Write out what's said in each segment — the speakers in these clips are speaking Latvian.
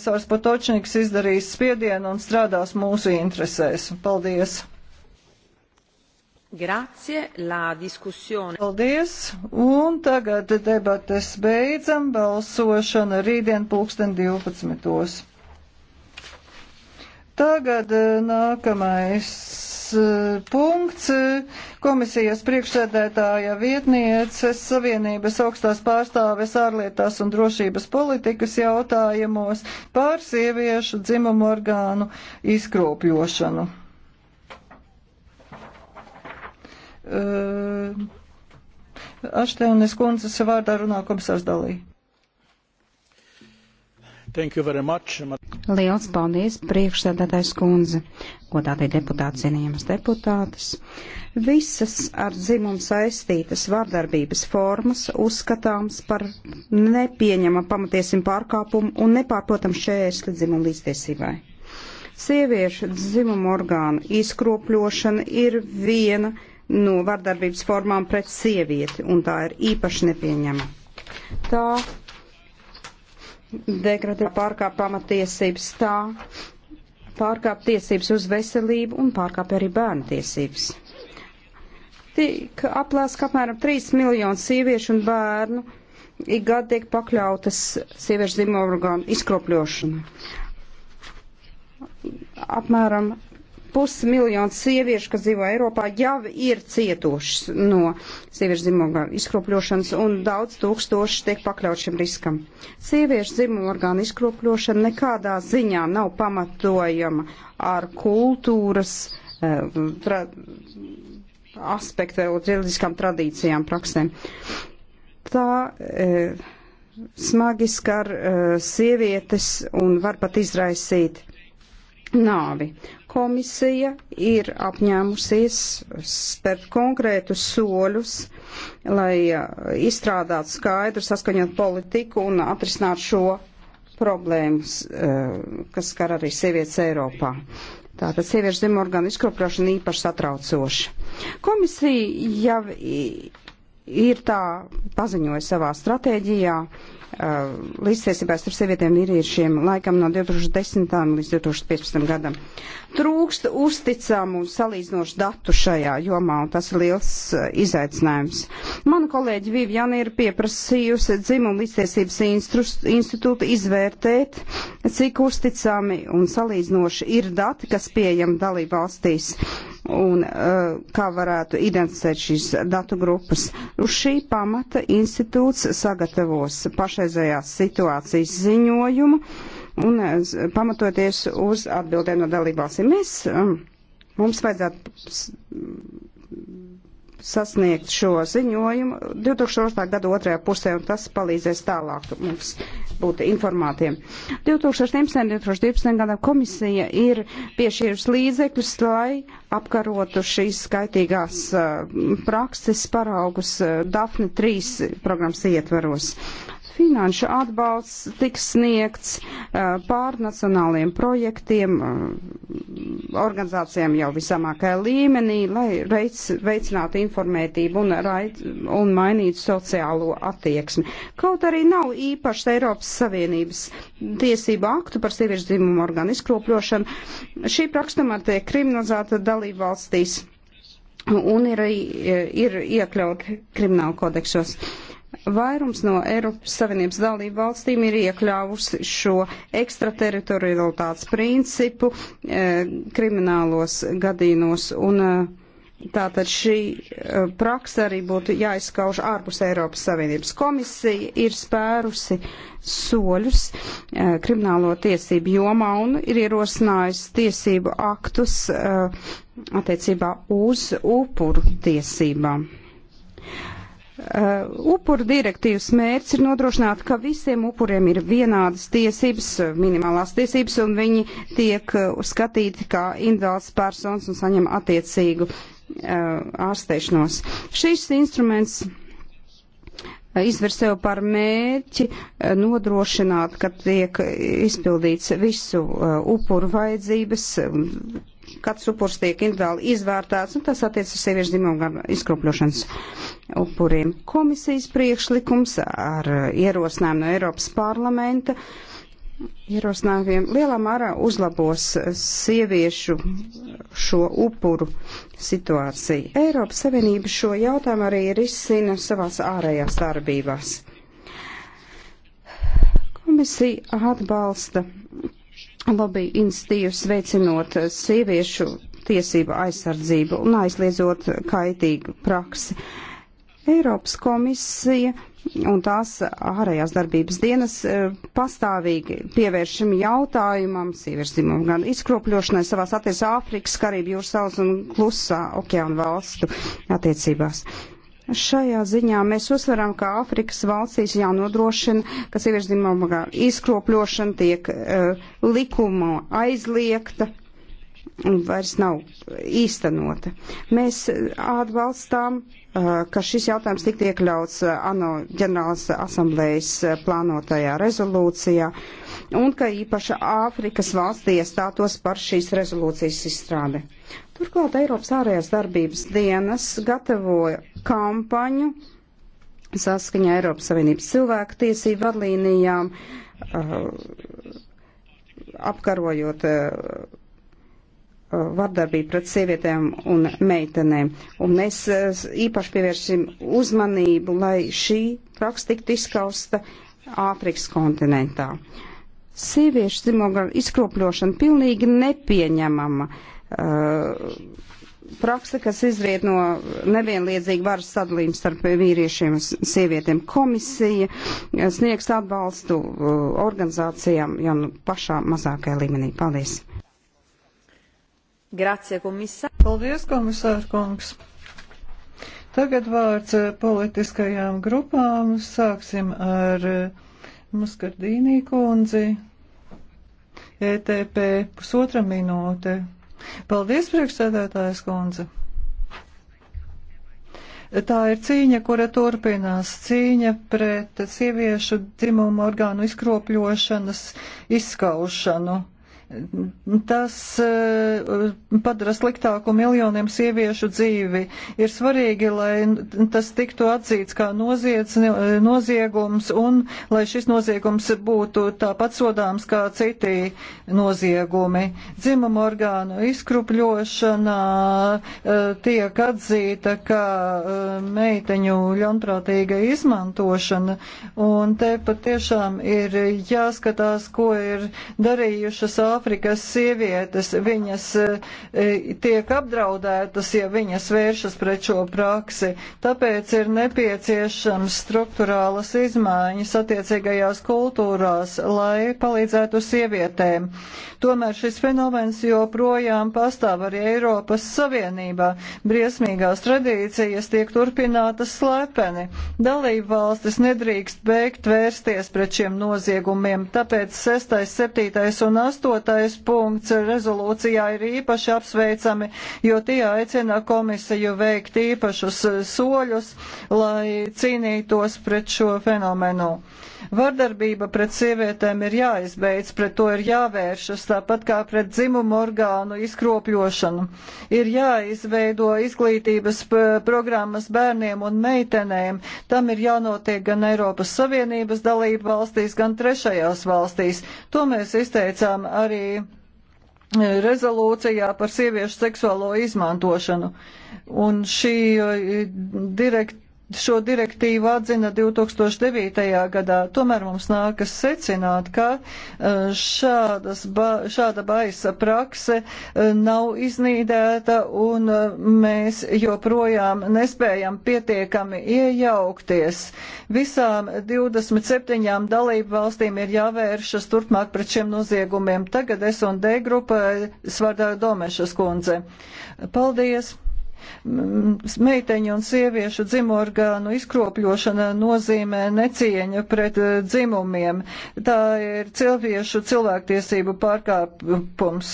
Komisārs Potočniks izdarīs spiedienu un strādās mūsu interesēs. Paldies! Grazie, la diskusione. Paldies, un tagad debates beidzam, balsošana rītdien pulksten 12. Tagad eh, nākamais punkts komisijas priekšsēdētāja vietnieces Savienības augstās pārstāves ārlietās un drošības politikas jautājumos pār sieviešu dzimumu orgānu izkropļošanu. Uh, Aštēnes kundzes vārdā runā komisārs Dalī. Liels paldies, priekšsēdētājs kundze, godātie deputāti, cienījamas deputātes. Visas ar dzimumu saistītas vārdarbības formas uzskatāms par nepieņemam pamatiesim pārkāpumu un nepārprotam šķērsli dzimumu līdztiesībai. Sieviešu dzimumu orgānu izkropļošana ir viena no vardarbības formām pret sievieti, un tā ir īpaši nepieņemama. Tā degradē pārkāp pamatiesības tā, pārkāp tiesības uz veselību un pārkāp arī bērnu tiesības. Tiek aplēsts, ka apmēram 3 miljonu sieviešu un bērnu ik gadu tiek pakļautas sieviešu zīmogorgānu izkropļošanai. Apmēram pusmiljons sieviešu, kas dzīvo Eiropā, jau ir cietušas no sieviešu dzimuma izkropļošanas, un daudz tūkstoši tiek pakļaut šim riskam. Sieviešu dzimuma orgānu izkropļošana nekādā ziņā nav pamatojama ar kultūras eh, tra, aspektu vai reliģiskām tradīcijām praksēm. Tā e, smagi skar e, sievietes un var pat izraisīt nāvi. Komisija ir apņēmusies spērt konkrētus soļus, lai uh, izstrādātu skaidru saskaņot politiku un atrisināt šo problēmas, uh, kas skar arī sievietes Eiropā. Tātad sieviešu zemorganu izkropļošana īpaši satraucoša. Komisija jau ir tā paziņoja savā stratēģijā uh, līdztiesībās ar sievietēm vīriešiem laikam no 2010. līdz 2015. gadam. Trūkst uzticamu salīdzinošu datu šajā jomā, un tas ir liels uh, izaicinājums. Mana kolēģi Vivjana ir pieprasījusi dzimumu līdztiesības institūtu izvērtēt, cik uzticami un salīdzinoši ir dati, kas pieejami dalību valstīs. Uh, un eh, kā varētu identificēt šīs datu grupas. Uz šī pamata institūts sagatavos pašreizējās situācijas ziņojumu un eh, pamatoties uz atbildēm no dalībvalstīm. Mēs, eh, mums vajadzētu sasniegt šo ziņojumu 2008. gada otrajā pusē, un tas palīdzēs tālāk mums būt informātiem. 2017. un 2012. gadā komisija ir piešķīrusi līdzekļus, lai apkarotu šīs skaitīgās eh, prakses paraugus eh, Dafne 3 programmas ietvaros. Finanšu atbalsts tiks sniegts eh, pārnacionāliem projektiem, eh, organizācijām jau visamākajā līmenī, lai reic, veicinātu informētību un, rait, un mainītu sociālo attieksmi. Kaut arī nav īpašs Eiropas Savienības tiesību aktu par sieviešu dzimumu organu izkropļošanu, šī prakstamā tiek kriminalizēta dalību valstīs un ir, eh, ir iekļauti krimināla kodeksos. Uh, Vairums no Eiropas Savienības dalību valstīm ir iekļāvusi šo ekstrateritorialitātes principu e, kriminālos gadījumos, un e, tātad šī e, praksa arī būtu jāizskauž ārpus Eiropas Savienības. Komisija ir spērusi soļus e, kriminālo tiesību jomā un ir ierosinājusi tiesību aktus e, attiecībā uz upuru tiesībām. Uh, upuru direktīvas mērķis ir nodrošināt, ka visiem upuriem ir vienādas tiesības, minimālās tiesības, un viņi tiek uh, skatīti kā individuāls personas un saņem attiecīgu uh, ārsteišanos. Šis instruments uh, izver sev par mērķi uh, nodrošināt, ka tiek izpildīts visu uh, upuru vajadzības, um, katrs upurs tiek individuāli izvērtēts, un tas attiec uz sieviešu dzimumu gan izkropļošanas upuriem. Komisijas priekšlikums ar ierosinājumu no Eiropas parlamenta ierosinājumiem lielā mērā uzlabos sieviešu šo upuru situāciju. Eiropas Savienība šo jautājumu arī risina savās ārējās darbībās. Komisija atbalsta lobby institīvas veicinot sieviešu tiesību aizsardzību un aizliedzot kaitīgu praksi. Eiropas komisija un tās ārējās darbības dienas e, pastāvīgi pievēršam jautājumam, sieviešdzimumam, gan izkropļošanai savās attiecībās Āfrikas, Karību jūras salas un klusā okeāna valstu attiecībās. Šajā ziņā mēs uzsveram, ka Āfrikas valstīs jānodrošina, ka sieviešu dzimumā izkropļošana tiek uh, likuma aizliegta un vairs nav īstenota. Mēs atbalstām, uh, ka šis jautājums tik iekļauts uh, ANO ģenerālas asamblējas uh, plānotajā rezolūcijā. Uh, un ka īpaši Āfrikas valstī iestātos par šīs rezolūcijas izstrādi. Turklāt Eiropas ārējās darbības dienas gatavoja kampaņu saskaņā Eiropas Savienības cilvēku tiesību vadlīnijām, uh, apkarojot uh, uh vardarbību pret sievietēm un meitenēm. Un mēs uh, īpaši pievērsim uzmanību, lai šī praksa tiktu izskausta Āfrikas kontinentā. Uh, Sieviešu dzimuma izkropļošana pilnīgi nepieņemama. Uh, eh, praksa, kas izriet no nevienlīdzīga varas sadalījuma starp vīriešiem un sievietēm. Komisija sniegs atbalstu eh, organizācijām jau nu pašā mazākajā līmenī. Paldies! Grazie, komisār! Paldies, komisār kungs! Tagad vārds eh, politiskajām grupām. Sāksim ar. Muskardīnī kundzi, ETP pusotra minūte. Paldies, priekšsēdētājs kundze! Tā ir cīņa, kura turpinās. Cīņa pret sieviešu dzimumu orgānu izkropļošanas izskaušanu. Tas eh, padara sliktāku miljoniem sieviešu dzīvi. Ir svarīgi, lai tas tiktu atzīts kā noziedz, eh, noziegums un lai šis noziegums būtu tāpat sodāms kā citi noziegumi. Dzimuma orgānu izkrupļošana eh, tiek atzīta kā meiteņu ļaunprātīga izmantošana un te patiešām ir jāskatās, ko ir darījušas Āfrikas Āfrikas sievietes, viņas e, tiek apdraudētas, ja viņas vēršas pret šo praksi. Tāpēc ir nepieciešams struktūrālas izmaiņas attiecīgajās kultūrās, lai palīdzētu sievietēm. Tomēr šis fenomens joprojām pastāv arī Eiropas Savienībā. Briesmīgās tradīcijas tiek turpinātas slepeni. Dalību valstis nedrīkst beigt vērsties pret šiem noziegumiem, tāpēc 6., 7. un 8 Ceturtais punkts rezolūcijā ir īpaši apsveicami, jo tie aicina komisiju veikt īpašus soļus, lai cīnītos pret šo fenomenu. Vardarbība pret sievietēm ir jāizbeidz, pret to ir jāvēršas, tāpat kā pret dzimumu orgānu izkropļošanu. Ir jāizveido izglītības programmas bērniem un meitenēm. Tam ir jānotiek gan Eiropas Savienības dalību valstīs, gan trešajās valstīs. To mēs izteicām arī e, rezolūcijā par sieviešu seksuālo izmantošanu. Un šī e, direkt, šo direktīvu atzina 2009. gadā. Tomēr mums nākas secināt, ka e, šādas, ba, šāda baisa prakse e, nav iznīdēta un e, mēs joprojām nespējam pietiekami iejaukties. Visām 27 dalību valstīm ir jāvēršas turpmāk pret šiem noziegumiem. Tagad es un D grupa Svardā Domešas kundze. Paldies! Meiteņu un sieviešu dzimorgānu izkropļošana nozīmē necieņu pret eh, dzimumiem. Tā ir cilvēku cilvēktiesību pārkāpums.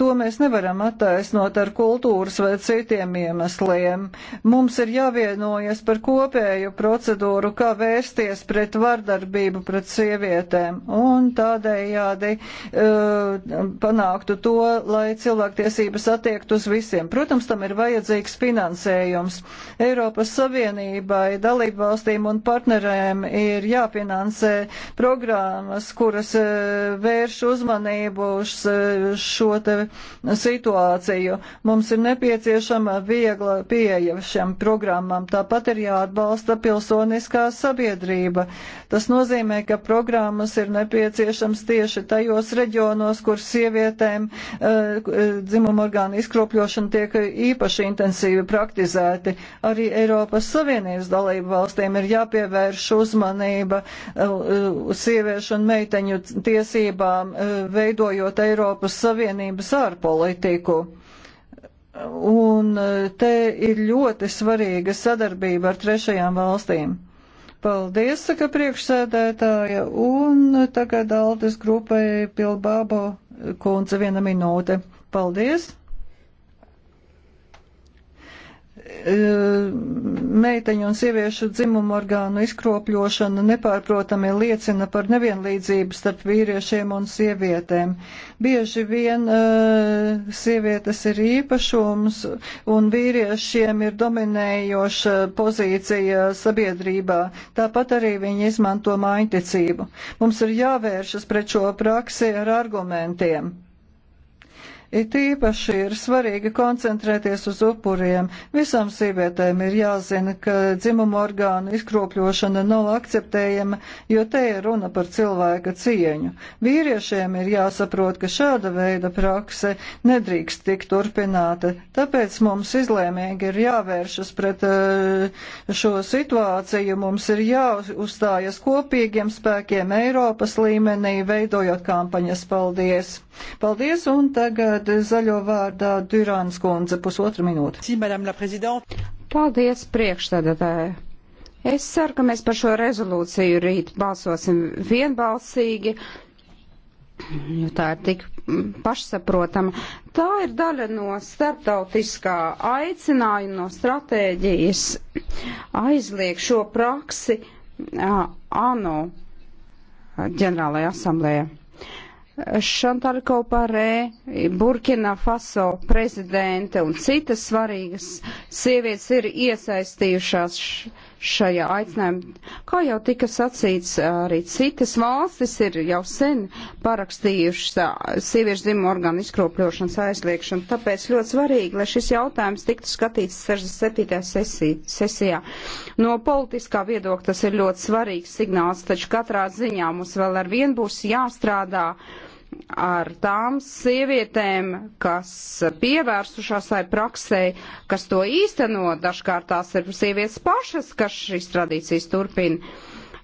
To mēs nevaram attaisnot ar kultūras vai citiem iemesliem. Mums ir jāvienojas par kopēju procedūru, kā vērsties pret vardarbību pret sievietēm un tādējādi uh, panāktu to, lai cilvēktiesības attiektu uz visiem. Protams, tam ir vajadzīgs vajadzīgs finansējums. Eiropas Savienībai, dalībvalstīm un partnerēm ir jāfinansē programmas, kuras e, vērš uzmanību uz e, šo te situāciju. Mums ir nepieciešama viegla pieeja šiem programmam. Tāpat ir jāatbalsta pilsoniskā sabiedrība. Tas nozīmē, ka programmas ir nepieciešams tieši tajos reģionos, kur sievietēm e, dzimumorgānu izkropļošana tiek īpaši interesanta intensīvi praktizēti. Arī Eiropas Savienības dalību valstīm ir jāpievērš uzmanība uh, uh, sieviešu un meiteņu tiesībām, uh, veidojot Eiropas Savienības ārpolitiku. Un te ir ļoti svarīga sadarbība ar trešajām valstīm. Paldies, saka priekšsēdētāja, un tagad Aldis grupai Pilbābo kundze viena minūte. Paldies! E, meiteņu un sieviešu dzimumu orgānu izkropļošana nepārprotami liecina par nevienlīdzību starp vīriešiem un sievietēm. Bieži vien uh, sievietes ir īpašums un vīriešiem ir dominējoša pozīcija sabiedrībā. Tāpat arī viņi izmanto mājiņticību. Mums ir jāvēršas pret šo praksi ar argumentiem. It īpaši ir svarīgi koncentrēties uz upuriem. Visām sievietēm ir jāzina, ka dzimumu orgānu izkropļošana nav akceptējama, jo te ir runa par cilvēka cieņu. Vīriešiem ir jāsaprot, ka šāda veida prakse nedrīkst tikt turpināta. Tāpēc mums izlēmīgi ir jāvēršas pret eh, šo situāciju. Mums ir jāuzstājas kopīgiem spēkiem Eiropas līmenī, veidojot kampaņas. Paldies! Paldies! Un tagad tagad zaļo vārdā Dürāns kundze pusotra minūte. Paldies, priekšstādātāji. Es ceru, ka mēs par šo rezolūciju rīt balsosim vienbalsīgi, jo tā ir tik pašsaprotama. Tā ir daļa no starptautiskā aicinājuma, no stratēģijas aizliegt šo praksi ANO ģenerālajā asamblējā. Šantāra Kauparē, Burkina Faso prezidente un citas svarīgas sievietes ir iesaistījušās šajā aicinājumā. Kā jau tika sacīts, arī citas valstis ir jau sen parakstījušas sieviešu dzimumu orgānu izkropļošanas aizliekšanu, tāpēc ļoti svarīgi, lai šis jautājums tiktu skatīts 67. Sesī, sesijā. No politiskā viedokļa tas ir ļoti svarīgs signāls, taču katrā ziņā mums vēl ar vien būs jāstrādā. Uh, ar tām sievietēm, kas pievērsušās tai praksē, kas to īsteno, dažkārt tās ir sievietes pašas, kas šīs tradīcijas turpina.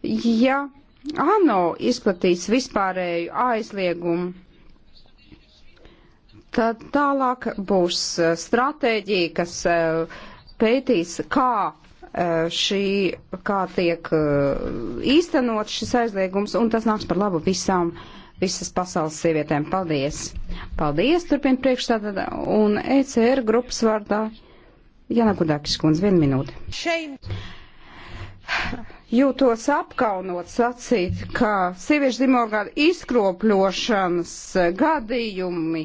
Ja ANO izplatīs vispārēju aizliegumu, tad tālāk būs eh, stratēģija, kas eh, pētīs, kā eh, šī, kā tiek īstenot šis aizliegums, un tas nāks par labu visām uh, visas pasaules sievietēm. Paldies! Paldies, turpina priekšstādā un ECR grupas vārdā Jana Kudakis kundze, vienu minūti. Shame. Jūtos apkaunot sacīt, ka sieviešu dimorgāda izkropļošanas gadījumi,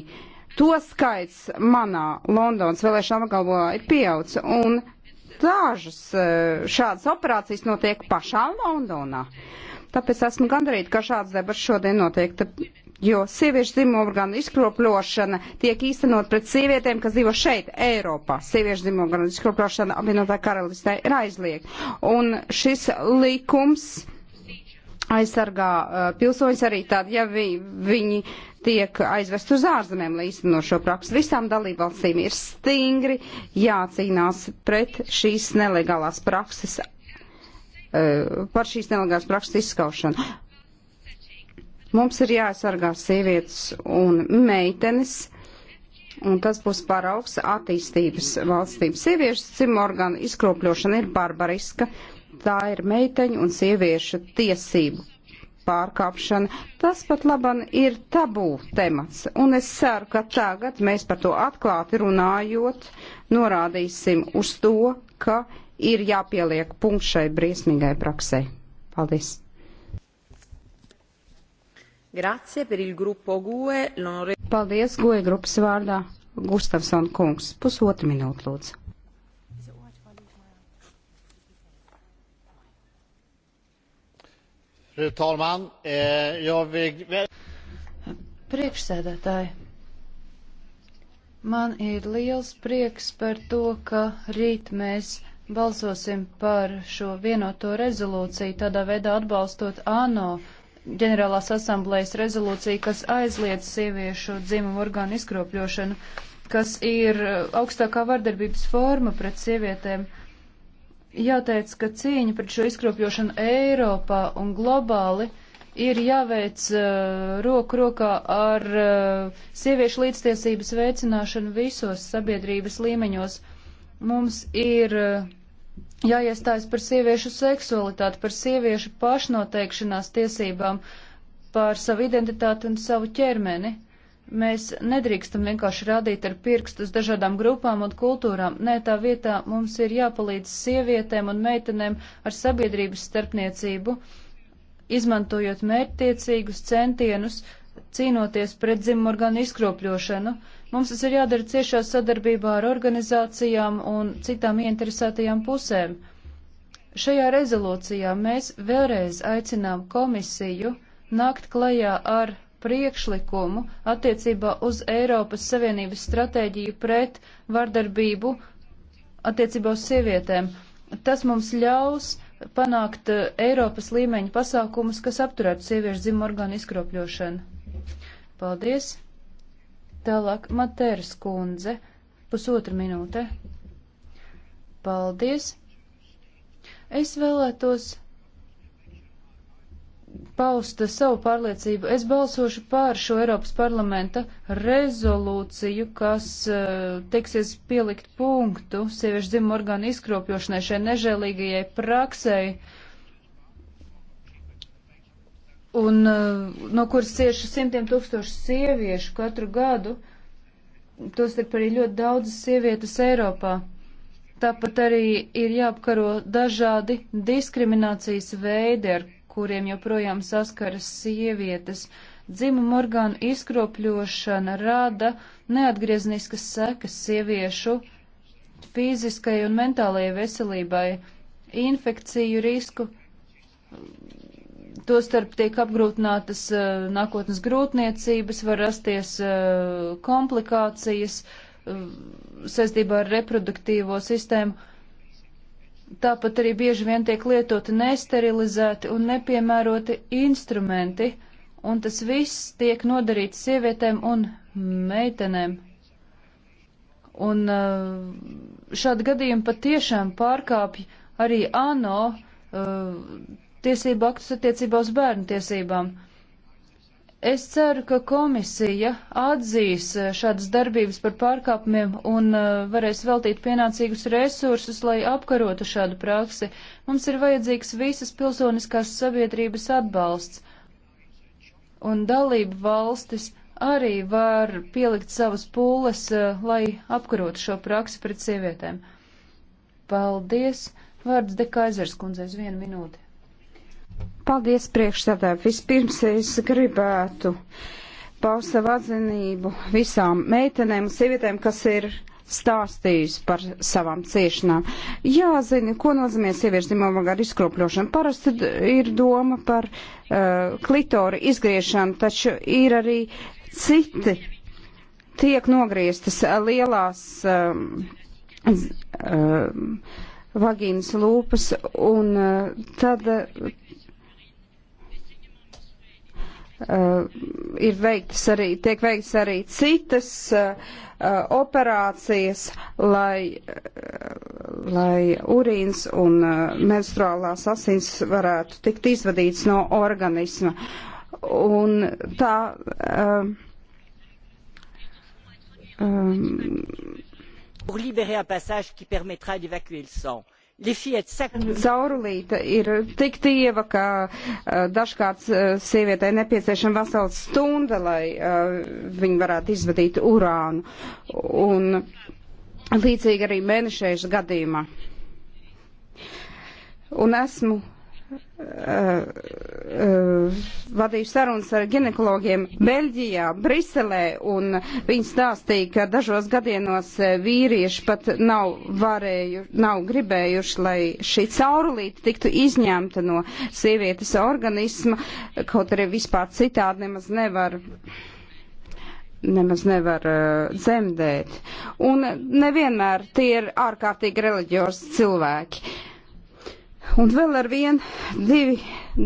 to skaits manā Londonas vēlēšana apgalvojā ir pieauca, un dažas eh, šādas operācijas notiek pašā Londonā. Tāpēc esmu gandarīta, ka šāds debats šodien notiek, jo sieviešu dzimumorganu izkropļošana tiek īstenot pret sievietēm, kas dzīvo šeit, Eiropā. Sieviešu dzimumorganu izkropļošana apvienotā karalistē ir aizliegta. Un šis likums aizsargā uh, pilsoņus arī tad, ja vi, viņi tiek aizvest uz ārzemēm, lai īsteno šo praksi. Visām dalībvalstīm ir stingri jācīnās pret šīs nelegālās prakses Eh, par šīs nelegālas prakses izskaušanu. Mums ir jāsargā sievietes un meitenes, un tas būs paraugs attīstības valstīm. Sieviešu cimorganu izkropļošana ir barbariska, tā ir meiteņu un sieviešu tiesību pārkāpšana. Tas pat laban ir tabū temats, un es ceru, ka tagad mēs par to atklāti runājot, norādīsim uz to, ka ir jāpieliek punkts šai briesmīgai praksē. Paldies! Grazie per il gruppo GUE. Paldies, GUE grupas vārdā. Gustavson kungs, pusotru minūtu lūdzu. Fru talman, eh, jag vill... Priekšsēdētāji, man ir liels prieks par to, ka rīt mēs balsosim par šo vienoto rezolūciju, tādā veidā atbalstot ANO ģenerālās asamblējas rezolūciju, kas aizliedz sieviešu dzimumu orgānu izkropļošanu, kas ir uh, augstākā vardarbības forma pret sievietēm. Jāteic, ka cīņa pret šo izkropļošanu Eiropā un globāli ir jāveic uh, roku rokā ar uh, sieviešu līdztiesības veicināšanu visos sabiedrības līmeņos. Mums ir uh, jāiestājas par sieviešu seksualitāti, par sieviešu pašnoteikšanās tiesībām, par savu identitāti un savu ķermeni. Mēs nedrīkstam vienkārši rādīt ar pirkstu uz dažādām grupām un kultūrām. Nē, tā vietā mums ir jāpalīdz sievietēm un meitenēm ar sabiedrības starpniecību, izmantojot mērķtiecīgus centienus, uh, cīnoties pret dzimumorganu izkropļošanu. Mums tas ir jādara ciešā sadarbībā ar organizācijām un citām ieinteresētajām pusēm. Šajā rezolūcijā mēs vēlreiz aicinām komisiju nākt klajā ar priekšlikumu attiecībā uz Eiropas Savienības stratēģiju pret vardarbību attiecībā uz sievietēm. Tas mums ļaus panākt eh, Eiropas līmeņa pasākumus, kas apturētu sieviešu dzimumu orgānu izkropļošanu. Paldies. Tālāk Materas kundze, pusotra minūte. Paldies. Es vēlētos pausta savu pārliecību. Es balsošu pār šo Eiropas parlamenta rezolūciju, kas eh, teiksies pielikt punktu sieviešu dzimumu orgānu izkropļošanai šai nežēlīgajai praksei. Uh, un eh, no kuras cieši simtiem tūkstoši sieviešu katru gadu, tostarp arī ļoti daudzas sievietes Eiropā. Tāpat arī ir jāapkaro dažādi diskriminācijas veidi, ar kuriem joprojām saskaras sievietes. Dzimuma orgānu izkropļošana rada neatgriezniskas sekas sieviešu fiziskai un mentālajai veselībai, infekciju risku, Tostarp tiek apgrūtinātas eh, nākotnes grūtniecības, var rasties eh, komplikācijas eh, saistībā ar reproduktīvo sistēmu. Tāpat arī bieži vien tiek lietoti nesterilizēti un nepiemēroti instrumenti, un tas viss tiek nodarīts sievietēm un meitenēm. Un šādi gadījumi patiešām pārkāpj arī ANO tiesību aktus attiecībā uz bērnu tiesībām. Es ceru, ka komisija atzīs eh, šādas darbības par pārkāpumiem un eh, varēs veltīt pienācīgus resursus, lai apkarotu šādu praksi. Mums ir vajadzīgs visas pilsoniskās sabiedrības atbalsts, un dalību valstis arī var pielikt savas pūles, eh, lai apkarotu šo praksi pret sievietēm. Paldies! Vārds Dekaizers kundzei uz vienu minūti. Paldies priekšsēdē. Vispirms es gribētu paust savu atzinību visām meitenēm un sievietēm, kas ir stāstījusi par savām ciešanām. Jāzina, ko nozīmē sieviešu dzimuma gara izkropļošana. Parasti ir doma par uh, klitoru izgriešanu, taču ir arī citi tiek nogrieztas lielās um, uh, um, uh, vagīnas lūpas, un uh, tad Uh, ir veiktas arī, tiek veiktas arī citas uh, operācijas, lai, uh, lai urīns un uh, menstruālās asins varētu tikt izvadīts no organisma. Un tā. Uh, um, pour libérer un passage qui permettra d'évacuer le sang Caurulīte ir tik tieva, ka uh, dažkārt uh, sievietei nepieciešama vesela stunda, lai uh, viņa varētu izvadīt urānu. Un līdzīgi arī mēnešēžu gadījumā. Un esmu Uh, uh, vadīju sarunas ar ginekologiem Beļģijā, Briselē, un viņi stāstīja, ka dažos gadienos uh, vīrieši pat nav varēju, nav gribējuši, lai šī caurulīte tiktu izņemta no sievietes organisma, kaut arī vispār citādi nemaz nevar nemaz nevar uh, dzemdēt. Un nevienmēr tie ir ārkārtīgi reliģiozi cilvēki. Uh, Un vēl ar vien divi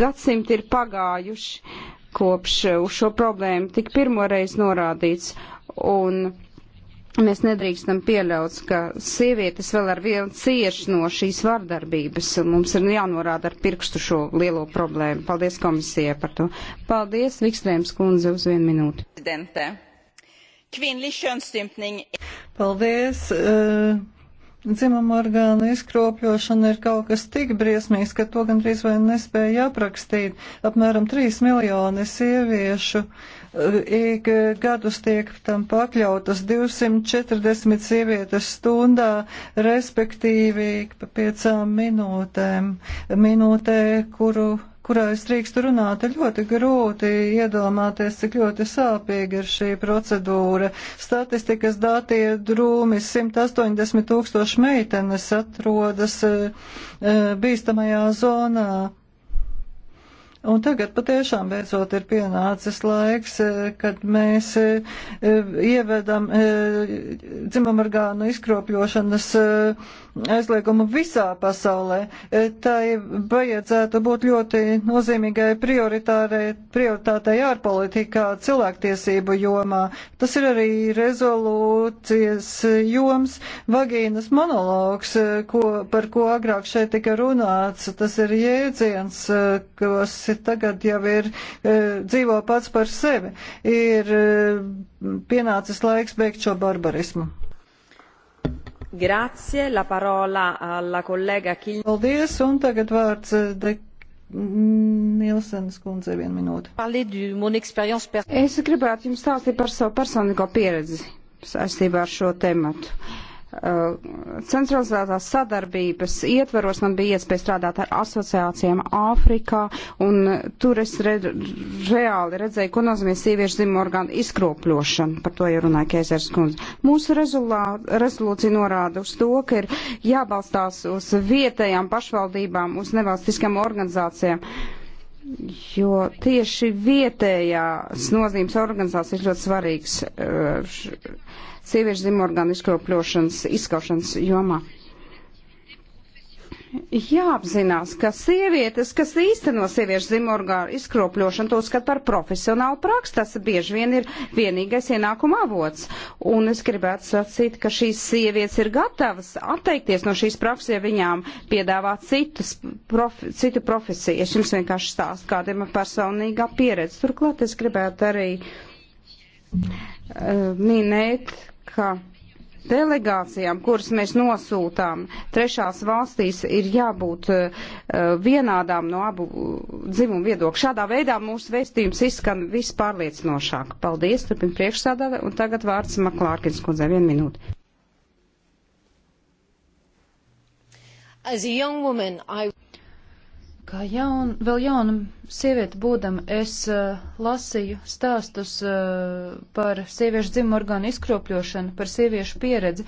gadsimti ir pagājuši, kopš eh, uz šo problēmu tik pirmoreiz norādīts. Un mēs nedrīkstam pieļaut, ka sievietes vēl ar vienu cieši no šīs vardarbības. Mums ir jānorāda ar pirkstu šo lielo problēmu. Paldies komisijai par to. Paldies, Vikstrēms kundze, uz vienu minūti. Paldies. Uh Dzimuma orgānu izkropļošana ir kaut kas tik briesmīgs, ka to gandrīz vai nespēja aprakstīt. Apmēram 3 miljoni sieviešu eh, ik gadus tiek tam pakļautas 240 sievietes stundā, respektīvi pa 5 minūtēm, minūtē, kuru kurā es drīkstu runāt, ir ļoti grūti iedomāties, cik ļoti sāpīgi ir šī procedūra. Statistikas dati ir drūmi, 180 tūkstoši meitenes atrodas eh, eh, bīstamajā zonā. Un tagad patiešām beidzot ir pienācis laiks, eh, kad mēs ievedam dzimumargānu izkropļošanas aizliegumu visā pasaulē. E, tai vajadzētu būt ļoti nozīmīgai prioritātei ārpolitikā cilvēktiesību jomā. Tas ir arī rezolūcijas joms, vagīnas monologs, e, ko, par ko agrāk šeit tika runāts. Tas ir jēdziens, e, kas tagad jau ir dzīvo pats par sevi. Ir pienācis laiks beigt šo barbarismu. Grazie, la parola alla collega Kil... Paldies, un tagad vārds eh, de... Nielsenas kundze vienu minūti. Es gribētu jums stāstīt par savu personīgo pieredzi saistībā ar šo tematu. Eh, centralizētās sadarbības ietvaros man bija iespēja strādāt ar asociācijām Āfrikā, un tur es re reāli redzēju, ko nozīmē sieviešu dzimumu orgānu izkropļošana. Par to jau runāja Keizers kundze. Mūsu rezolā, rezolūcija norāda uz to, ka ir jābalstās uz vietējām pašvaldībām, uz nevalstiskām organizācijām. Jo tieši vietējās nozīmes organizācijas ļoti svarīgs. Uh, eh, sieviešu zimorganu izkropļošanas, izskaušanas jomā jāapzinās, ka sievietes, kas īsteno sieviešu zimorgāru izkropļošanu, to skat par profesionālu praksi, tas bieži vien ir vienīgais ienākuma avots. Un es gribētu sacīt, ka šīs sievietes ir gatavas atteikties no šīs prakses, ja viņām piedāvā citas, profi, citu profesiju. Es jums vienkārši stāstu, kāda ir man personīgā pieredze. Turklāt es gribētu arī uh, minēt, ka delegācijām, kuras mēs nosūtām trešās valstīs, ir jābūt eh, vienādām no abu dzimumu viedokļu. Šādā veidā mūsu vēstījums izskan vispārliecinošāk. Paldies, turpin priekšsādātā, un tagad vārds Maklārkins kundzei. Vienu minūti. As a young woman, I... Kā jaun, vēl jauna sieviete būdama, es uh, lasīju stāstus uh, par sieviešu dzimumu orgānu izkropļošanu, par sieviešu pieredzi,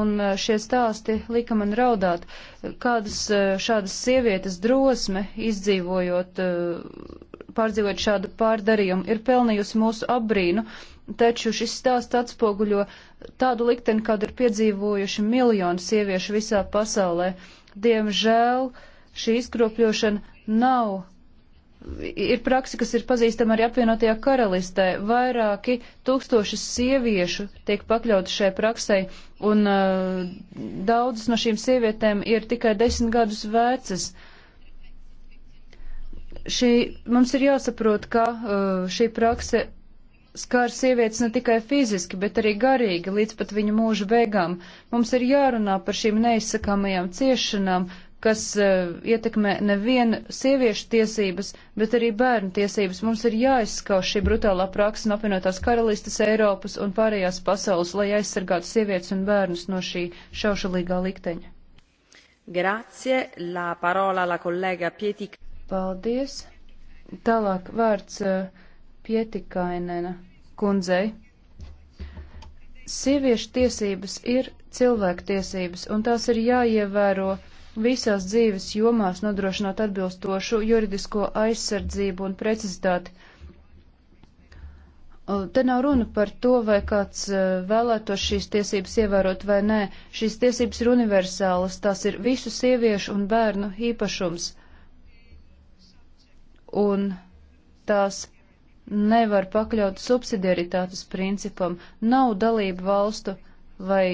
un uh, šie stāsti lika man raudāt, kādas uh, šādas sievietes drosme izdzīvojot, uh, pārdzīvot šādu pārdarījumu, ir pelnījusi mūsu apbrīnu, taču šis stāsts atspoguļo tādu likteni, kādu ir piedzīvojuši miljoni sieviešu visā pasaulē. Diemžēl. Uh, Šī izkropļošana nav. Ir praksa, kas ir pazīstama arī apvienotajā karalistē. Vairāki tūkstoši sieviešu tiek pakļauti šai praksai, un uh, daudzas no šīm sievietēm ir tikai desmit gadus vecas. Uh, šī, mums ir jāsaprot, ka uh, šī prakse skār sievietes ne tikai fiziski, bet arī garīgi līdz pat viņu mūža beigām. Mums ir jārunā par šīm neizsakāmajām ciešanām, kas uh, ietekmē nevienu sieviešu tiesības, bet arī bērnu tiesības. Mums ir jāizskauž šī brutālā praksa no apvienotās karalistes Eiropas un pārējās pasaules, lai aizsargātu sievietes un bērnus no šī šaušalīgā likteņa. Grazie, la parola la kolēga Pietik. Paldies. Tālāk vārds uh, Pietikainena kundzei. Sieviešu tiesības ir cilvēku tiesības, un tās ir jāievēro visās dzīves jomās nodrošināt atbilstošu juridisko aizsardzību un precizitāti. Te nav runa par to, vai kāds vēlētos šīs tiesības ievērot vai nē. Šīs tiesības ir universālas, tās ir visu sieviešu un bērnu īpašums. Un tās nevar pakļaut subsidiaritātes principam. Nav dalību valstu vai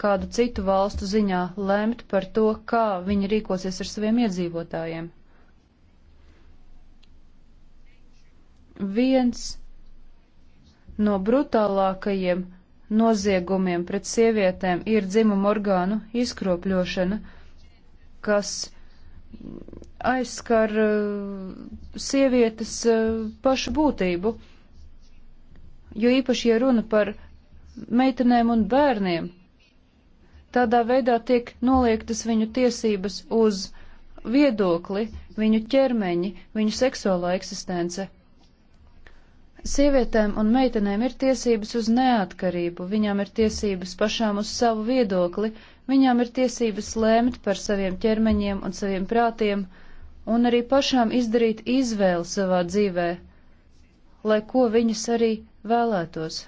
kādu citu valstu ziņā lemt par to, kā viņi rīkosies ar saviem iedzīvotājiem. Viens no brutālākajiem noziegumiem pret sievietēm ir dzimuma orgānu izkropļošana, kas aizskar uh, sievietes uh, pašu būtību, jo īpaši, ja runa par meitenēm un bērniem, Tādā veidā tiek noliektas viņu tiesības uz viedokli, viņu ķermeņi, viņu seksuālā eksistence. Sievietēm un meitenēm ir tiesības uz neatkarību, viņām ir tiesības pašām uz savu viedokli, viņām ir tiesības lēmt par saviem ķermeņiem un saviem prātiem, un arī pašām izdarīt izvēli savā dzīvē, lai ko viņas arī vēlētos.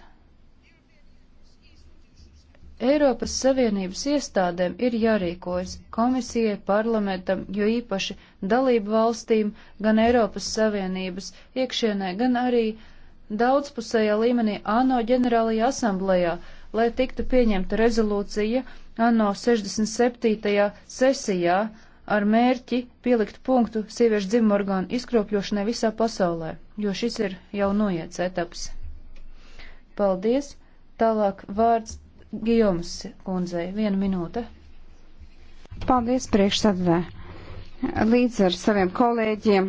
Eiropas Savienības iestādēm ir jārīkojas komisijai, parlamentam, jo īpaši dalību valstīm, gan Eiropas Savienības iekšienē, gan arī daudzpusējā līmenī ANO ģenerālajā asamblējā, lai tiktu pieņemta rezolūcija ANO 67. sesijā ar mērķi pielikt punktu sieviešu dzimorgānu izkropļošanai visā pasaulē, jo šis ir jau noiets etaps. Paldies! Tālāk vārds Gijoms kundzei, viena minūte. Paldies priekšsādē. Līdz ar saviem kolēģiem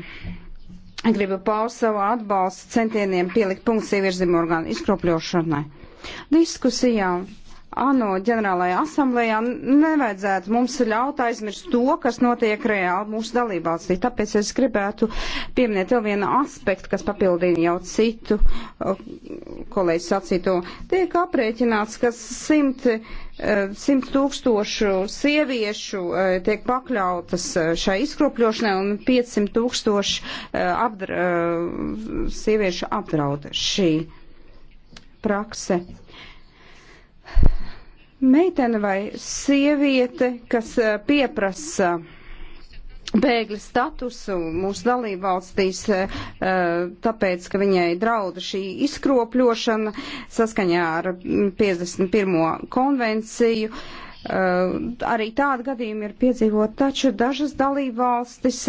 gribu paust savu atbalstu centieniem pielikt punktu sieviešzimu orgānu izkropļošanai. Diskusijā ANO ģenerālajā asamblējā nevajadzētu mums ļaut aizmirst to, kas notiek reāli mūsu dalībvalstī. Tāpēc es gribētu pieminēt vēl vienu aspektu, kas papildina jau citu uh, kolēģi sacīto. Tiek aprēķināts, ka simt, uh, simt tūkstošu sieviešu uh, tiek pakļautas šai izkropļošanai un 500 tūkstošu apdra, sieviešu apdraud šī prakse. Meitene vai sieviete, kas eh, pieprasa bēgļu statusu mūsu dalībvalstīs, eh, tāpēc, ka viņai drauda šī izkropļošana saskaņā ar 51. Mm, konvenciju. Eh, arī tādi gadījumi ir piedzīvot, taču dažas dalībvalstis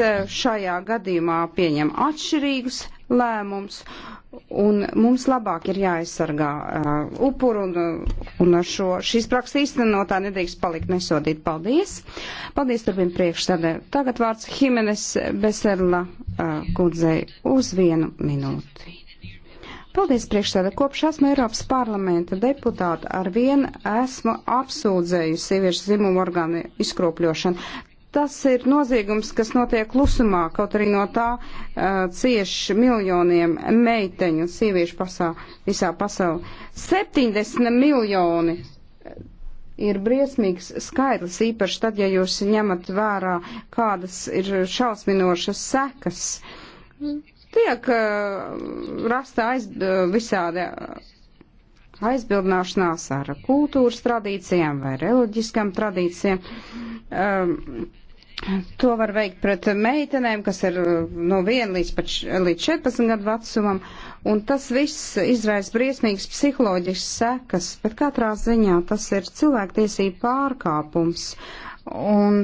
šajā gadījumā pieņem atšķirīgus lēmums, Un mums labāk ir jāaizsargā uh, upuru un, uh, un ar šo šīs prakses īstenotā nedrīkst palikt nesodīt. Paldies! Paldies turpin priekšsēdē. Tagad vārds Himenes Beserla uh, kundzei uz vienu minūti. Paldies priekšsēdē. Kopš esmu Eiropas parlamenta deputāta ar vienu esmu apsūdzējusi sieviešu dzimumu orgānu izkropļošanu. Tas ir noziegums, kas notiek klusumā, kaut arī no tā uh, cieš miljoniem meiteņu un sieviešu pasā, visā pasaulē. 70 miljoni ir briesmīgs skaitlis, īpaši tad, ja jūs ņemat vērā, kādas ir šausminošas sekas. Tiek uh, rasta aiz, uh, visādi aizbildināšanās ar kultūras tradīcijām vai reliģiskām tradīcijām. Um, To var veikt pret meitenēm, kas ir uh, no 1 līdz, pat, līdz 14 gadu vecumam, un tas viss izraisa briesmīgas psiholoģiskas sekas, bet katrā ziņā tas ir cilvēktiesība pārkāpums, un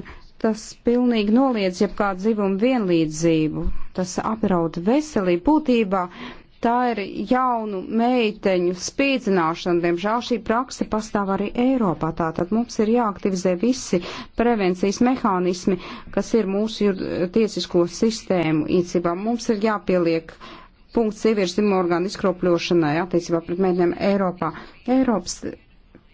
tas pilnīgi noliedz jebkādu dzimumu vienlīdzību, tas apdraud veselību būtībā. Uh, Tā ir jaunu meiteņu spīdzināšana. Diemžēl šī praksa pastāv arī Eiropā. Tātad mums ir jāaktivizē visi prevencijas mehānismi, kas ir mūsu tiesisko sistēmu īcībā. Mums ir jāpieliek punkts sieviešu zimorgānu izkropļošanai attiecībā pret meitenēm Eiropā. Eiropas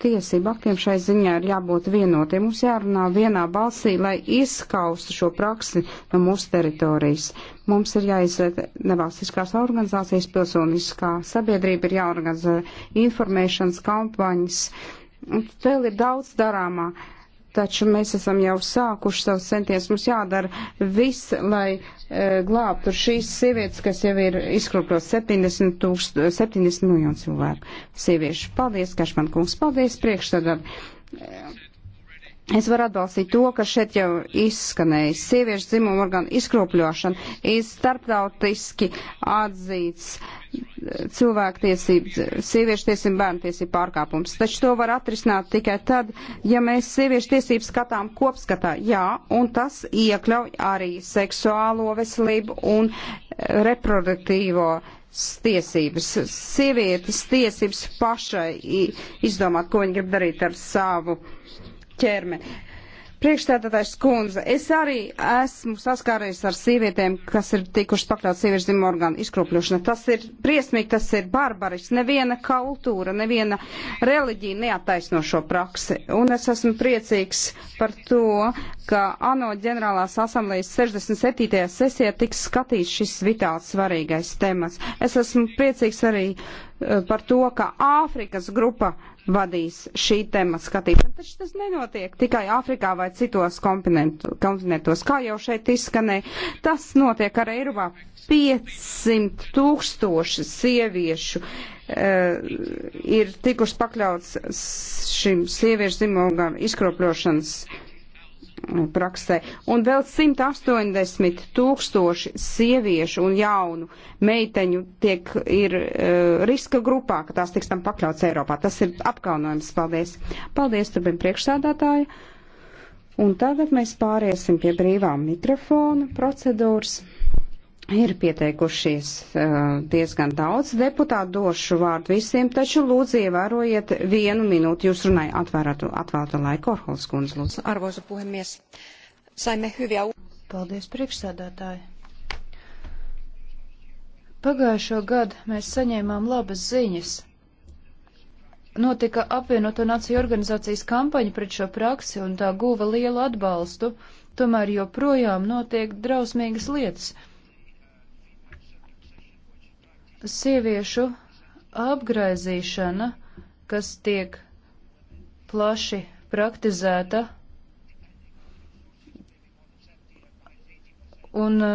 tiesību aktiem šai ziņā ir jābūt vienotiem. Mums jārunā vienā balsī, lai izskaustu šo praksi no mūsu teritorijas. Mums ir jāizved nevalstiskās organizācijas, pilsoniskā sabiedrība ir jāorganizē informēšanas kampaņas. Vēl ir daudz darāmā, taču mēs esam jau sākuši savus centienus. Mums jādara viss, lai e, glābtu šīs sievietes, kas jau ir izkropļos 70, tūkst, 70 miljonu cilvēku sieviešu. Paldies, Kašman kungs, paldies priekšstādāt. E, Es varu atbalstīt to, ka šeit jau izskanēja sieviešu dzimumu orgānu izkropļošana, ir starptautiski atzīts eh, cilvēktiesību, sieviešu tiesību, bērnu tiesību pārkāpums. Taču to var atrisināt tikai tad, ja mēs sieviešu tiesību skatām kopskatā. Jā, un tas iekļauj arī seksuālo veselību un eh, reproduktīvo tiesības. Sievietes tiesības pašai izdomāt, ko viņa grib darīt ar savu ķermeni. Priekšstādātājs skundze, es arī esmu saskāries ar sievietēm, kas ir tikušas pakļauts sieviešu dzimumu orgānu izkropļošanai. Tas ir briesmīgi, tas ir barbarisks. Neviena kultūra, neviena reliģija neattaisno šo praksi. Un es esmu priecīgs par to, ka ANO ģenerālās asamblejas 67. sesijā tiks skatīts šis vitāli svarīgais temats. Es esmu priecīgs arī eh, par to, ka Āfrikas grupa vadīs šī temata skatīšana. Taču tas nenotiek tikai Āfrikā vai citos kontinentos, kā jau šeit izskanēja. Tas notiek arī Eiropā. 500 tūkstoši sieviešu uh, ir tikuši pakļauts šim sieviešu zīmogam izkropļošanas uh, praksē. Un vēl 180 tūkstoši sieviešu un jaunu meiteņu tiek, ir uh, riska grupā, ka tās tiks tam pakļauts Eiropā. Tas ir apkaunojums. Paldies. Paldies, turbim priekšsādātāju. Un tagad mēs pāriesim pie brīvā mikrofona procedūras. Ir pieteikušies uh, diezgan daudz deputātu, došu vārdu visiem, taču lūdzu ievērojiet vienu minūti. Jūs runājat atvērtu, atvērtu laiku, Orhols kundze, lūdzu. Arvoisa puhemies, saime hyviä. Paldies, priekšsēdētāji. Pagājušo gadu mēs saņēmām labas ziņas. Notika apvienoto nāciju organizācijas kampaņa pret šo praksi un tā guva lielu atbalstu, tomēr joprojām notiek drausmīgas lietas sieviešu apgraizīšana, kas tiek plaši praktizēta, un eh,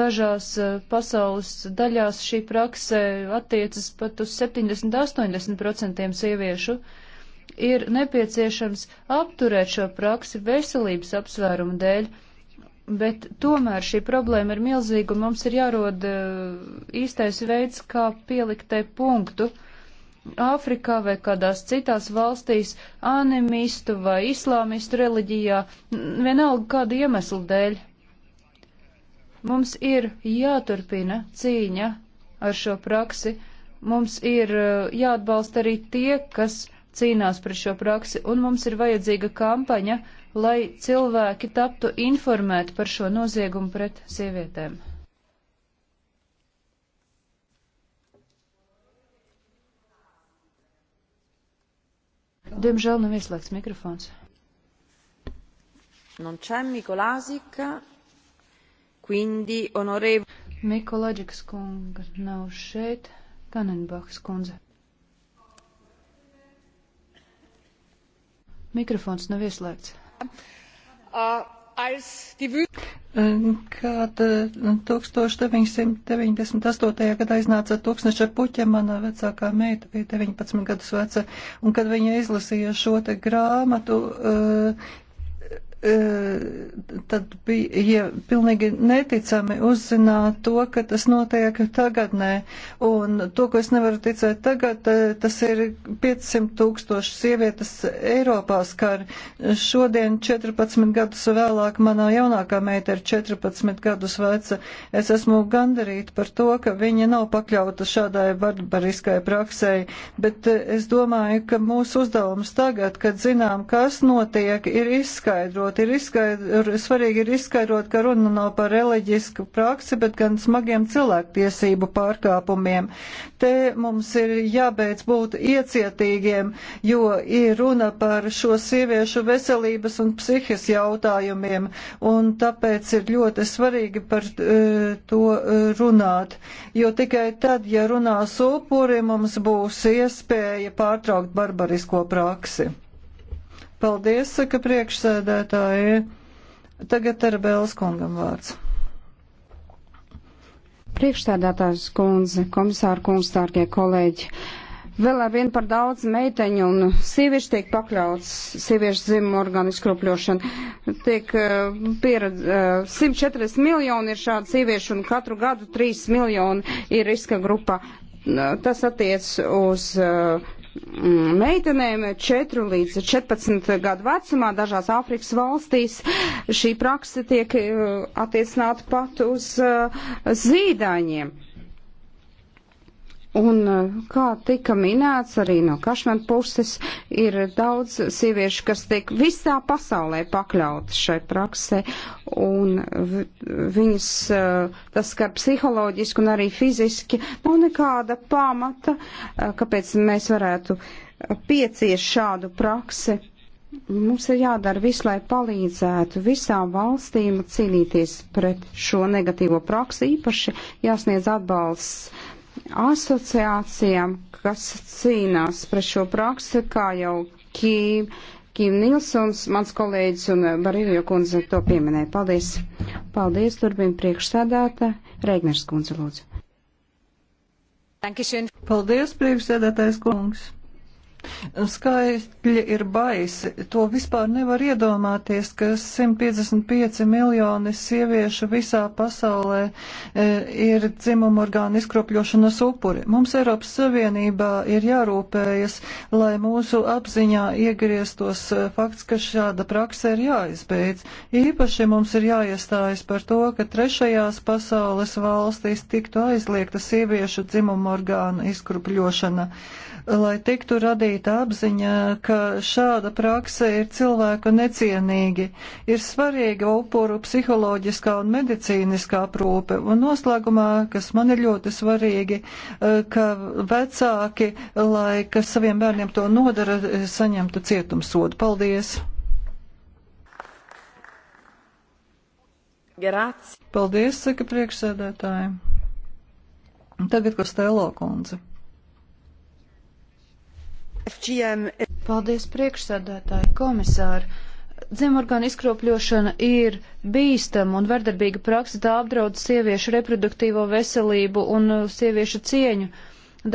dažās eh, pasaules daļās šī prakse attiecas pat uz 70-80% sieviešu, ir nepieciešams apturēt šo praksi veselības apsvērumu dēļ Bet tomēr šī problēma ir milzīga, un mums ir jārod eh, īstais veids, kā pieliktai punktu. Āfrikā vai kādās citās valstīs, animistu vai islāmistu reliģijā, vienalga kādu iemeslu dēļ. Mums ir jāturpina cīņa ar šo praksi, mums ir eh, jāatbalsta arī tie, kas cīnās par šo praksi, un mums ir vajadzīga kampaņa, uh, lai cilvēki taptu informēti par šo noziegumu pret sievietēm. Diemžēl nav ieslēgts mikrofons. Non c'è Mikolāzika, quindi onorevole. Mikolāģikas kunga nav šeit, Kanenbachs kundze. Mikrofons nav ieslēgts. Uh, ehm, kad 1998. Eh, gadā iznāca tūkstneša puķa, mana vecākā meita bija 19 gadus veca, un kad viņa izlasīja šo te grāmatu, eh, E, tad bija ja pilnīgi neticami uzzināt to, ka tas notiek tagadnē. Un to, ko es nevaru ticēt tagad, e, tas ir 500 tūkstoši sievietes Eiropā skar. Šodien 14 gadus vēlāk manā jaunākā meita ir 14 gadus veca. Es esmu gandarīta par to, ka viņa nav pakļauta šādai barbariskai praksei, bet e, es domāju, ka mūsu uzdevums tagad, kad zinām, kas notiek, ir izskaidrot, izskaidrot, ir izskaidrot, svarīgi ir izskaidrot, ka runa nav par reliģisku praksi, bet gan smagiem cilvēktiesību pārkāpumiem. Te mums ir jābeidz būt iecietīgiem, jo ir runa par šo sieviešu veselības un psihes jautājumiem, un tāpēc ir ļoti svarīgi par e, to e, runāt, jo tikai tad, ja runās upuri, mums būs iespēja pārtraukt barbarisko praksi. Paldies, saka priekšsēdētāji. Tagad ar Bēles kungam vārds. Priekšstādātājs kundze, komisāra kungs, dārgie kolēģi, vēl ar vienu par daudz meiteņu un sieviešu tiek pakļauts sieviešu dzimumu orgānu izkropļošanu. Tiek uh, eh, pieredz, uh, eh, 140 miljoni ir šādi sieviešu un katru gadu 3 miljoni ir riska grupa. Uh, tas attiec uz. Uh, Mm, meitenēm 4 līdz 14 gadu vecumā dažās Āfrikas valstīs šī praksa tiek uh, attiecināta pat uz uh, zīdaņiem. Un, eh, kā tika minēts arī no Kašmena puses, ir daudz sieviešu, kas tiek visā pasaulē pakļautas šai praksē, un viņas eh, tas skar psiholoģiski un arī fiziski. Nav nekāda pamata, eh, kāpēc mēs varētu pieciest šādu praksi. Mums ir jādara viss, lai palīdzētu visām valstīm cīnīties pret šo negatīvo praksi, īpaši jāsniedz atbalsts asociācijām, kas cīnās pret šo praksi, kā jau Kīm, Kīm Nilsons, mans kolēģis un Barīļo kundze to pieminēja. Paldies. Paldies, turpina priekšsēdētā Reigners kundze, lūdzu. Paldies, priekšsēdētājs kungs. Skaitļi ir baisi. To vispār nevar iedomāties, ka 155 miljoni sieviešu visā pasaulē e, ir dzimuma orgānu izkropļošanas upuri. Mums Eiropas Savienībā ir jārūpējas, lai mūsu apziņā iegrieztos e, fakts, ka šāda praksa ir jāizbeidz. Īpaši mums ir jāiestājas par to, ka trešajās pasaules valstīs tiktu aizliegta sieviešu dzimuma orgānu izkropļošana, lai tiktu radīt balstīta apziņā, ka šāda prakse ir cilvēku necienīgi. Ir svarīga upuru psiholoģiskā un medicīniskā aprūpe. Un noslēgumā, kas man ir ļoti svarīgi, eh, ka vecāki, lai kas saviem bērniem to nodara, eh, saņemtu cietumsodu. Paldies! Grāts. Paldies, saka priekšsēdētāji. Tagad Kostēlo kundze. FGM. Paldies priekšsēdētāji komisāri. Dzimorgāna izkropļošana ir bīstama un vardarbīga praksa, tā apdraud sieviešu reproduktīvo veselību un uh, sieviešu cieņu.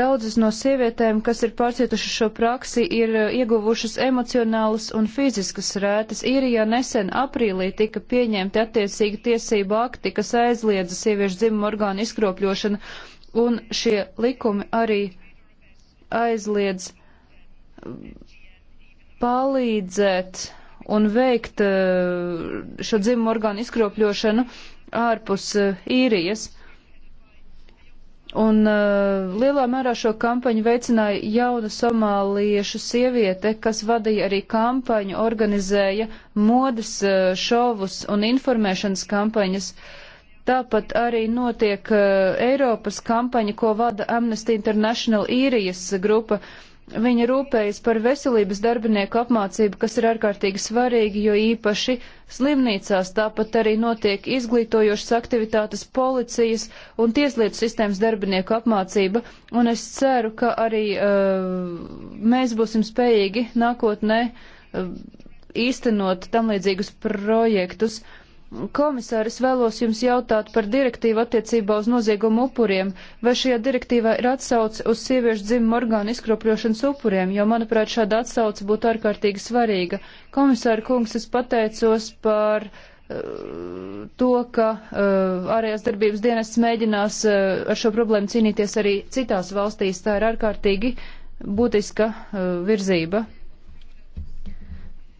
Daudzas no sievietēm, kas ir pārcietušas šo praksi, ir uh, ieguvušas emocionālas un fiziskas rētas. Īrijā nesen aprīlī tika pieņemti attiecīgi tiesību akti, kas aizliedza sieviešu dzimumu orgānu izkropļošanu, un šie likumi arī aizliedz palīdzēt un veikt eh, šo dzimumu orgānu izkropļošanu ārpus eh, īrijas. Un uh, lielā mērā šo kampaņu veicināja jauna somāliešu sieviete, kas vadīja arī kampaņu, organizēja modes uh, šovus un informēšanas kampaņas. Tāpat arī notiek uh, Eiropas kampaņa, ko vada Amnesty International īrijas grupa. Uh, Viņa rūpējas par veselības darbinieku apmācību, kas ir ārkārtīgi svarīgi, jo īpaši slimnīcās tāpat arī notiek izglītojošas aktivitātes policijas un tieslietu sistēmas darbinieku apmācība, un es ceru, ka arī uh, mēs būsim spējīgi nākotnē uh, īstenot tam līdzīgus projektus. Uh, Komisāris vēlos jums jautāt par direktīvu attiecībā uz noziegumu upuriem. Vai šajā direktīvā ir atsauce uz sieviešu dzimumu orgānu izkropļošanas upuriem, jo, manuprāt, šāda atsauce būtu ārkārtīgi svarīga. Komisāra kungs, es pateicos par uh, to, ka uh, ārējās darbības dienests mēģinās uh, ar šo problēmu cīnīties arī citās valstīs. Tā ir ārkārtīgi būtiska uh, virzība.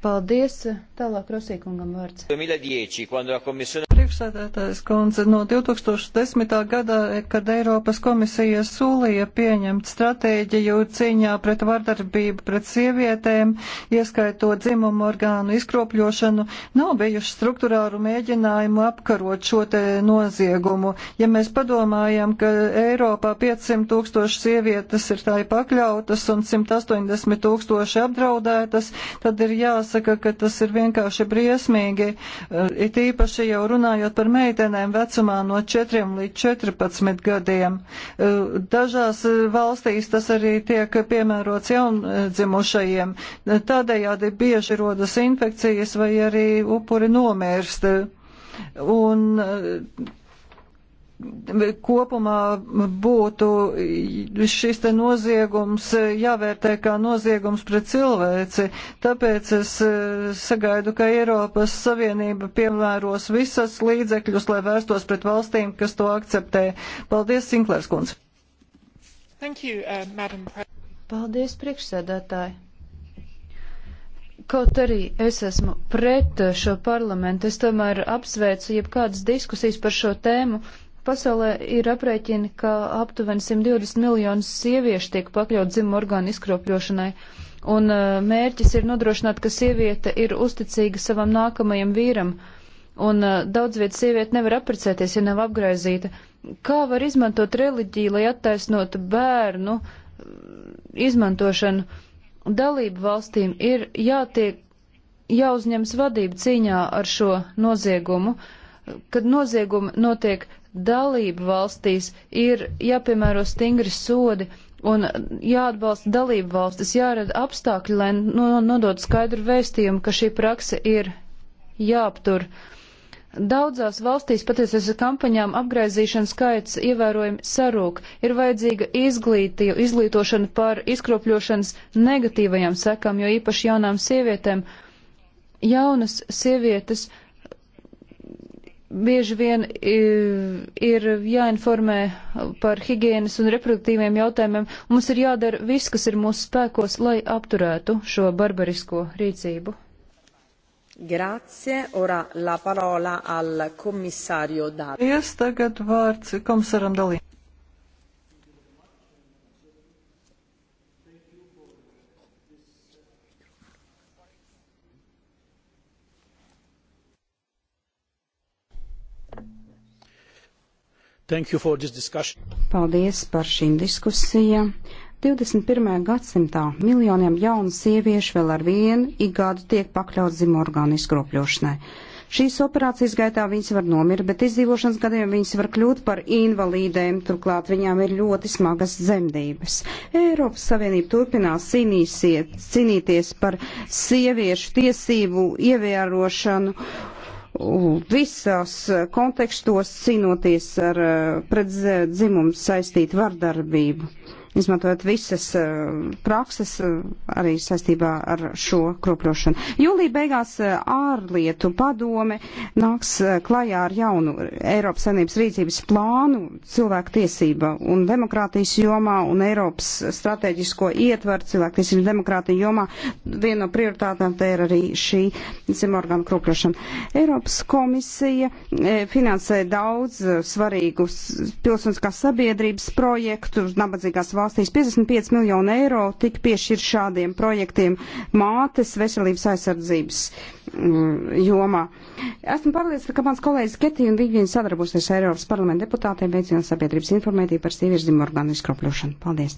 Paldies. Tālāk Rosīkungam vārds. 2010, komisija... Priekšsēdētājs kundze, no 2010. gada, e, kad Eiropas komisija sūlīja pieņemt stratēģiju cīņā pret vardarbību pret sievietēm, ieskaitot dzimumu orgānu izkropļošanu, nav bijuši struktūrāru mēģinājumu apkarot šo te noziegumu. Ja mēs padomājam, ka Eiropā 500 tūkstoši sievietes ir tā pakļautas un 180 tūkstoši apdraudētas, tad ir jāsaka, jāsaka, ka tas ir vienkārši briesmīgi, eh, it īpaši jau runājot par meitenēm vecumā no 4 līdz 14 gadiem. Eh, dažās eh, valstīs tas arī tiek piemērots jaundzimušajiem. Tādējādi bieži rodas infekcijas vai arī upuri nomērst. Un kopumā būtu šis te noziegums jāvērtē kā noziegums pret cilvēci. Tāpēc es eh, sagaidu, ka Eiropas Savienība piemēros visas līdzekļus, lai vērstos pret valstīm, kas to akceptē. Paldies, Sinklērs kundze. Thank you, uh, Madam President. Paldies, priekšsēdētāji. Kaut arī es esmu pret šo parlamentu, es tomēr apsveicu jebkādas diskusijas par šo tēmu, Pasaulē ir aprēķini, ka aptuveni 120 miljonus sieviešu tiek pakļaut dzimu orgānu izkropļošanai, un uh, mērķis ir nodrošināt, ka sieviete ir uzticīga savam nākamajam vīram, un uh, daudz vietas sieviete nevar apprecēties, ja nav apgraizīta. Kā var izmantot reliģiju, lai attaisnotu bērnu mm, izmantošanu? Dalību valstīm ir jātiek jāuzņems vadība cīņā ar šo noziegumu, kad noziegumi notiek dalību valstīs ir jāpiemēro stingri sodi un jāatbalsta dalību valstis, jārada apstākļi, lai nodot skaidru vēstījumu, ka šī prakse ir jāaptur. Daudzās valstīs patiesībā kampaņām apgraizīšanas skaits ievērojami sarūk. Ir vajadzīga izglītī, izglītošana par izkropļošanas negatīvajām sekām, jo īpaši jaunām sievietēm. Jaunas sievietes uh, bieži vien ir jāinformē par higienas un reproduktīviem jautājumiem. Mums ir jādara viss, kas ir mūsu spēkos, lai apturētu šo barbarisko rīcību. Grazie. Ora la parola al komisario Dārgājs. Tagad vārds komisaram Dalī. Paldies par šīm diskusijām. 21. gadsimtā miljoniem jaunu sieviešu vēl ar vienu ik gadu tiek pakļauts zimu orgānu izkropļošanai. Šīs operācijas gaitā viņas var nomirt, bet izdzīvošanas gadiem viņas var kļūt par invalīdēm, turklāt viņām ir ļoti smagas zemdības. Eiropas Savienība turpinās cīnīsiet, cīnīties par sieviešu tiesību ievērošanu visās eh, kontekstos cīnoties ar eh, pret dzimumu saistītu vardarbību izmantojot visas eh, prakses eh, arī saistībā ar šo kropļošanu. Jūlija beigās eh, ārlietu padome nāks klajā ar jaunu Eiropas Savienības rīcības plānu cilvēku tiesība un demokrātijas jomā un Eiropas strateģisko ietvaru cilvēku tiesības demokrātija jomā. Viena no prioritātēm te ir arī šī zemorganu kropļošana. Eiropas komisija finansē daudz svarīgus pilsoniskās sabiedrības projektus, nabadzīgās valsts valstīs 55 miljonu eiro tika piešķir šādiem projektiem mātes veselības aizsardzības mm, jomā. Esmu pārliecināta, ka mans kolēģis Ketī un Vigvīns sadarbosies Eiropas parlamenta deputātiem, veicinot sabiedrības informētību par sieviešu organisku kropļošanu. Paldies!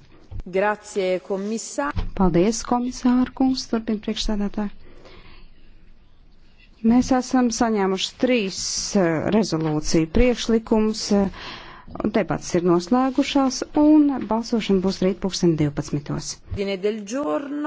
Grazie, komisār! Paldies, komisāra kungs, turpina priekšsēdētāji! Mēs esam saņēmuši trīs eh, rezolūciju priekšlikums. Uh, eh, Debats ir noslēgušās un balsošana būs rīt 2012.